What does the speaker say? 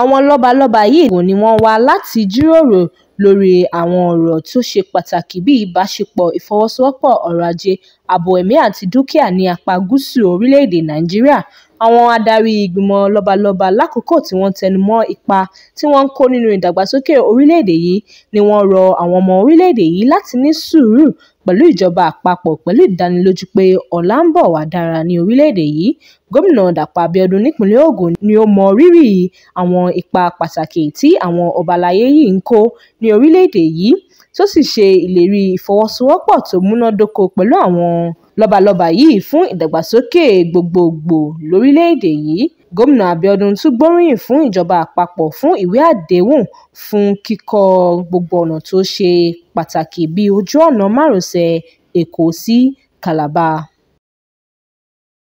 àwọn lọ́balọ́ba yìí ni wọ́n wá láti jíròrò lórí àwọn ọ̀rọ̀ tó ṣe pàtàkì bíi ìbáṣepọ̀ ìfọwọ́sowọ́pọ̀ ọrọ̀ ajé ààbò ẹ̀mí àti dúkìá ní apá gúúsù orílẹ̀-èdè nàìjíríà àwọn adarí ìgbìmọ̀ lọ́balọ́ba lákòókò tí wọ́n tẹnu mọ́ ipa tí wọ́n ń kó nínú ìdàgbàsókè orílẹ̀-èdè yìí ni wọ́n rọ àwọn ọmọ orílẹ̀-èdè yìí láti ní sùúrù pẹ̀lú ìjọba àpapọ̀ pẹ̀lú ìdánilójú pé ọ̀la ń bọ̀ wá dára ní orílẹ̀-èdè yìí gómìnà dàpọ̀ abiodun nípìnlẹ̀ ogun ni ó mọ rírì àwọn ipa pàtàkì tí àwọn ọba aláyé yìí ń kó ní orílẹ̀-èdè yìí tó sì ṣe ìlérí ìfọwọ́sowọ́pọ̀ tó múnádóko pẹ̀lú àwọn lọ́balọ́ba yìí fún ìdàgbàsókè gbogbogbò lórílẹ̀‐èdè yìí gómìnà abiodun tún gbóríyìn fún ìjọba àpapọ̀ fún ìwé àdéhùn fún kíkọ́ gbogbo ọ̀nà tó ṣe pàtàkì bíi ojú ọ̀nà márosẹ̀ èkó sí calabar